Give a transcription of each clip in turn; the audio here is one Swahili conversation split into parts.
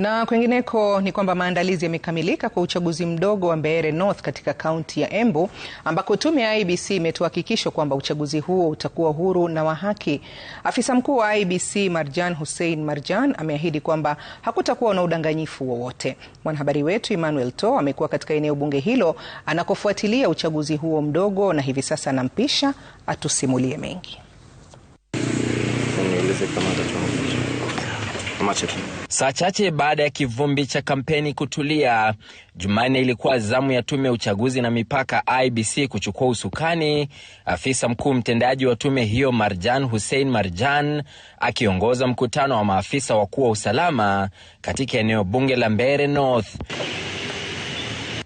Na kwengineko ni kwamba maandalizi yamekamilika kwa uchaguzi mdogo wa Mbeere North katika kaunti ya Embu ambako tume ya IEBC imetoa hakikisho kwamba uchaguzi huo utakuwa huru na wa haki. Afisa mkuu wa IEBC Marjan Hussein Marjan ameahidi kwamba hakutakuwa na udanganyifu wowote. Mwanahabari wetu Emmanuel To amekuwa katika eneo bunge hilo anakofuatilia uchaguzi huo mdogo na hivi sasa anampisha atusimulie mengi. Saa chache baada ya kivumbi cha kampeni kutulia, Jumanne ilikuwa zamu ya tume ya uchaguzi na mipaka IBC kuchukua usukani, afisa mkuu mtendaji wa tume hiyo Marjan Hussein Marjan akiongoza mkutano wa maafisa wakuu wa usalama katika eneo bunge la Mbeere North.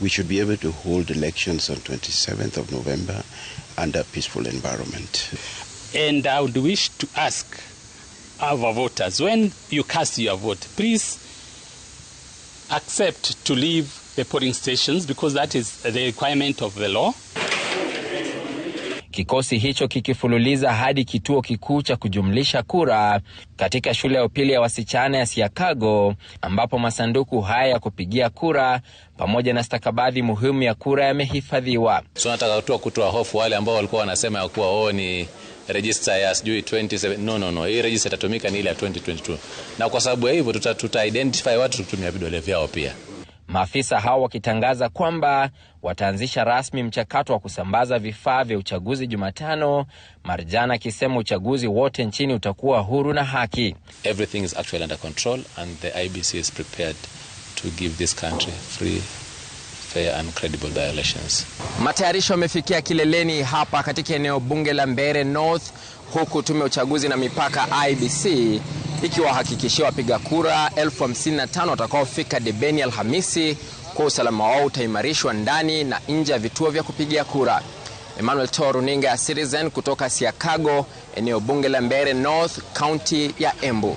we should be able to hold elections on 27th of November under peaceful environment. And I would wish to ask our voters, when you cast your vote, please accept to leave the polling stations because that is the requirement of the law. kikosi hicho kikifululiza hadi kituo kikuu cha kujumlisha kura katika shule ya upili ya wasichana ya Siakago ambapo masanduku haya ya kupigia kura pamoja na stakabadhi muhimu ya kura yamehifadhiwa. Tunataka tu kutoa hofu wale ambao walikuwa wanasema ya kuwa oo, oh, ni rejista ya sijui 27. No, no, no, hii rejista itatumika ni ile ya 2022, na kwa sababu ya hivyo tuta, tuta identify watu tukitumia vidole vyao pia maafisa hao wakitangaza kwamba wataanzisha rasmi mchakato wa kusambaza vifaa vya uchaguzi Jumatano, Marjana akisema uchaguzi wote nchini utakuwa huru na haki. Matayarisho yamefikia kileleni hapa katika eneo bunge la Mbeere North, huku tume ya uchaguzi na mipaka IBC ikiwahakikishia wapiga kura 55 watakaofika debeni Alhamisi kwa usalama wao utaimarishwa ndani na nje ya vituo vya kupigia kura. Emmanuel to runinga ya Citizen kutoka Siakago, eneo bunge la Mbeere North, kaunti ya Embu.